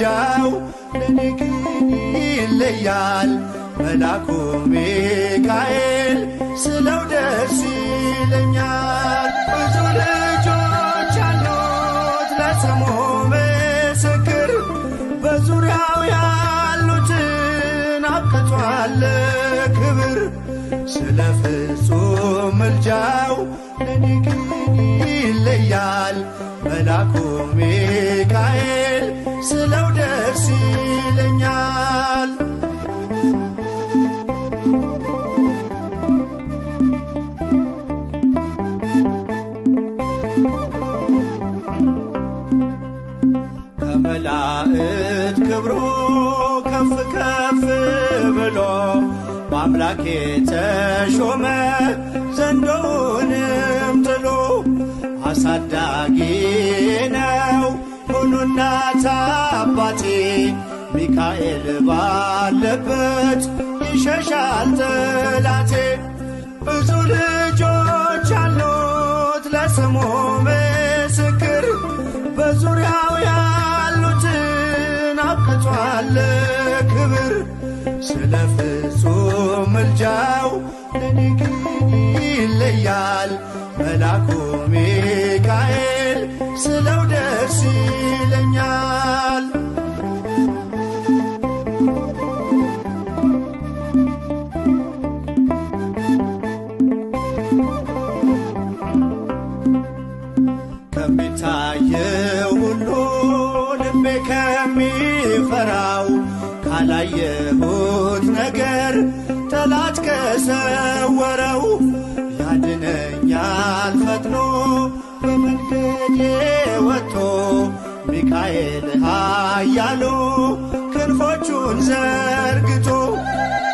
ጸጋው ለኔ ግን ይለያል መላኩ ሚካኤል ስለው ደስ ይለኛል። ብዙ ልጆች አሉት ለስሙ ምስክር በዙሪያው ያሉትን አብቅቷል ክብር ስለ ፍጹም ምልጃው ለኔ ግን ይለያል መልአኩ ከፍ ከፍ ብሎ በአምላክ የተሾመ ዘንዶውንም ጥሎ አሳዳጊ ነው ሁኑና አባቴ ሚካኤል ባለበት ይሸሻል ጠላቴ ብዙ ልጆች አሉት ለስሙ ስለ ፍጹም ምልጃው ለኔ ግን ይለያል መላኩ ሚካኤል ስለው ደስ ይለኛል። ይገኛል ፈጥኖ በመንገዴ ወጥቶ ሚካኤል ኃያሉ ክንፎቹን ዘርግቶ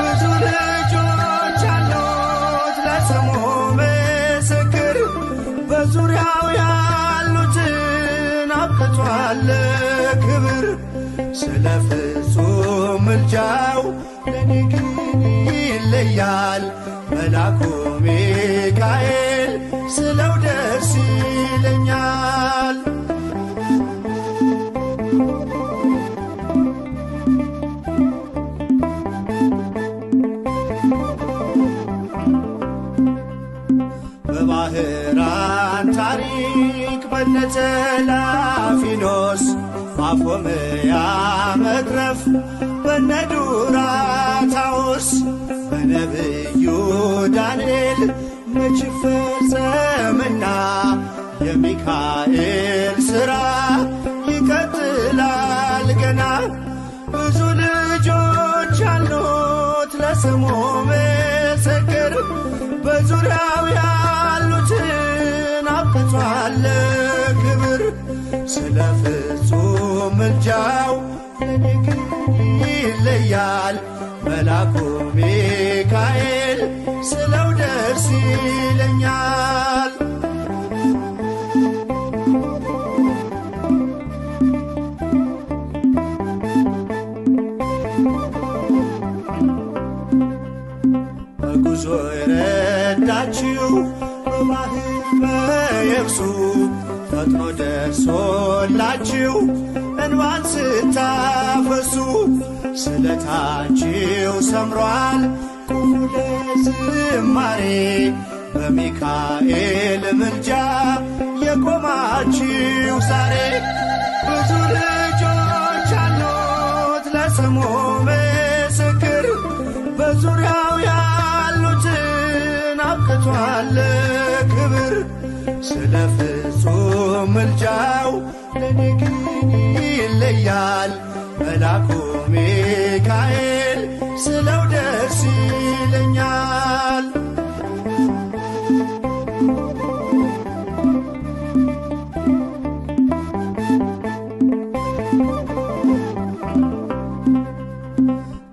ብዙ ልጆች አሉት ለስሙ ምስክር በዙሪያው ያሉትን አብቅቷል ክብር ስለ ፍጹም ምልጃው ለኔ ግን ይለያል መላኩ ሚካኤል ስለው ደስ ይለኛል። በባህራን ታሪክ በነተላፊኖስ ማቆመያ መትረፍ በነዱራታውስ በነብዩ ዳንኤል መች ፈጸምና የሚካኤል ሥራ ይቀጥላል ገና ብዙ ልጆች አሉት ለስሙ ምስክር በዙሪያው ያሉትን አብቅቷል ክብር ስለ ፍጹም ምልጃው ይለያል መላኩ ሚካኤል ስለው ደስ ይለኛል። በጉዞ የረዳችው በባህር በየብሱ ፈጥኖ ደርሶላችሁ። እንባን ስታፈሱ ስለታችው ሰምሯል ኩፉ ለዝማሬ በሚካኤል ምልጃ የቆማችው ዛሬ ብዙ ልጆች አሉት ለስሙ ምስክር በዙሪያው ያሉትን አብቅቷል ክብር ስለ ምልጃው ለኔ ግን ይለያል መላኩ ሚካኤል ስለው ደስ ይለኛል።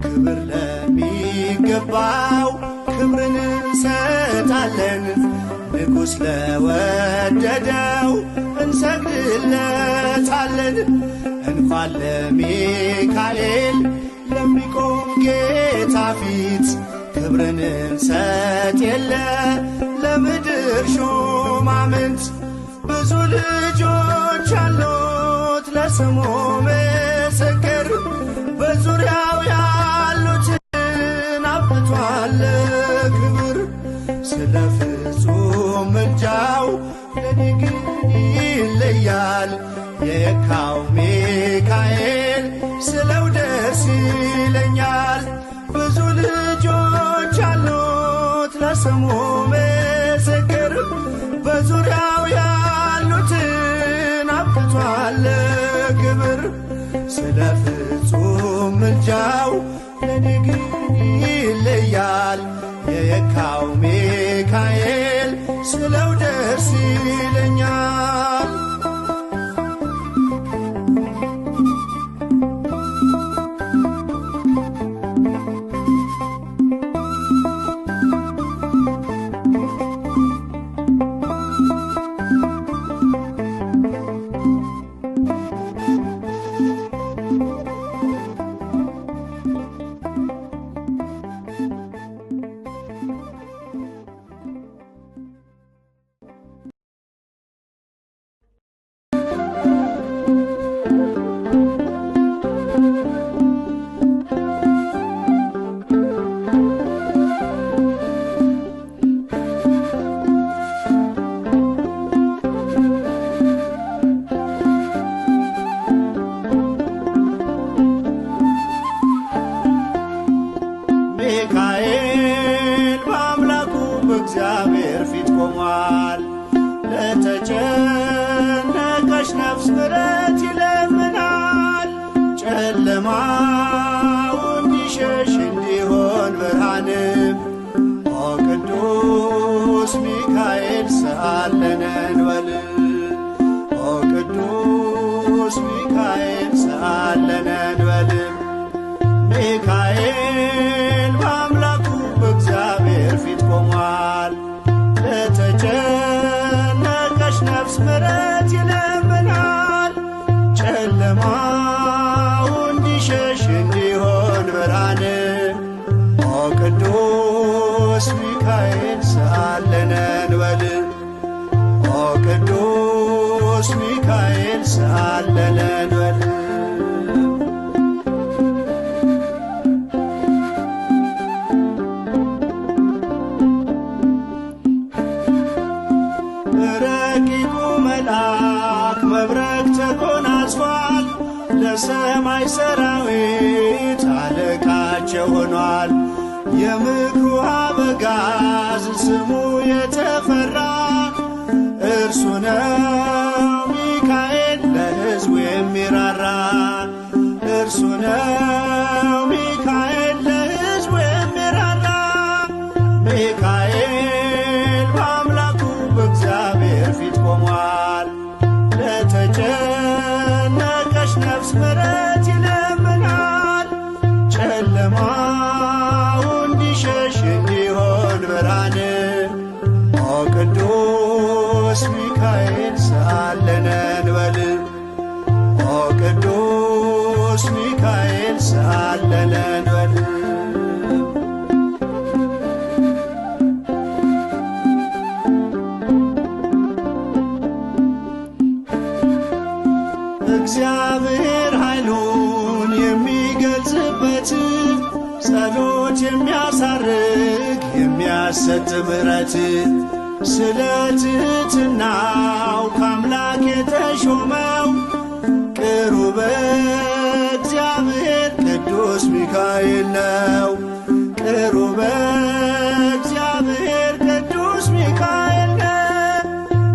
ክብር ለሚገባው ክብርን እንሰጣለን ንጉሥ ለወደደ እንሰግድለታለን። እንኳን ለሚካኤል ለሚቆም ጌታ ፊት ክብርን እንሰጥ የለ ለምድር ሹማምንት ብዙ ልጆች አሉት ለስሙ ምስክር በዙሪያው ያሉትን አብቷል ክብር ስለ ፍጹም ምልጃው ለኔ ይለያል የካው ሚካኤል ስለው ደስ ይለኛል። ብዙ ልጆች አሉት ለስሙ ምስክር በዙሪያው ያሉትን አብቅቷል ግብር ስለ ፍጹም ምልጃው ለኔ ግን ይለያል የካው ሚካኤል ስለው ደስ የሰለቸች ነፍስ ምሕረት ይለምናል። ጨለማው እንዲሸሽ እንዲሆን ብርሃንም ኦ ቅዱስ ሚካኤል ሰአለነ እንበል ኦ ቅዱስ ሚካኤል ሰአለነ እንበል ሚካኤል ቅዱስ ሚካኤል ሰአለለን በል ረቂቁ መልአክ መብረቅ ተጎናጽፏል፣ ለሰማይ ሰራዊት አለቃቸው ሆኗል። የምክሩ አበጋዝ ስሙ የተፈራ እርሱ ነው ሚካኤል ለሕዝቡ የሚራራ እርሱ ነው የሚሰጥ ምሕረት ስለ ትሕትናው ከአምላክ የተሾመው ቅሩ በእግዚአብሔር ቅዱስ ሚካኤል ነው። ቅሩ በእግዚአብሔር ቅዱስ ሚካኤል ነው።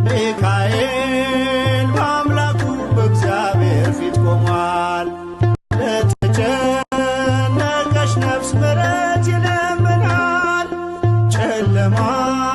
ሚካኤል በአምላኩ በእግዚአብሔር ፊት ቆሟል። ለተጨነቀች ነፍስ ምሕረት ይለምን Rama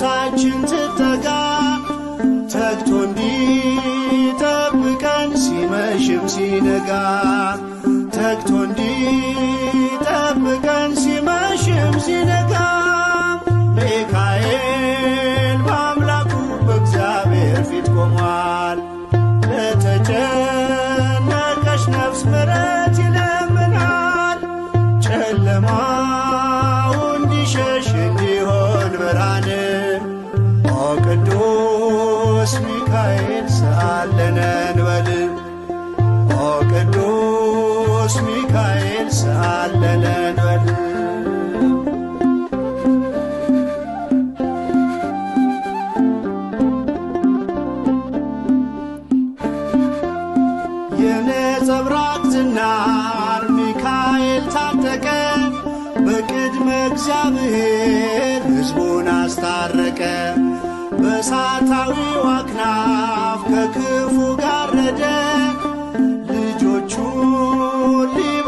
ነፍሳችን ስትተጋ ተግቶ እንዲጠብቀን ሲመሽም ሲነጋ ተግቶ እንዲ ስአለነን በል ኦ ቅዱስ ሚካኤል ስአለነን በል የነጸብራቅ ዝናር ሚካኤል ታጠቀ በቅድመ እግዚአብሔር ሕዝቡን አስታረቀ በሳታዊ አክናፍ جاء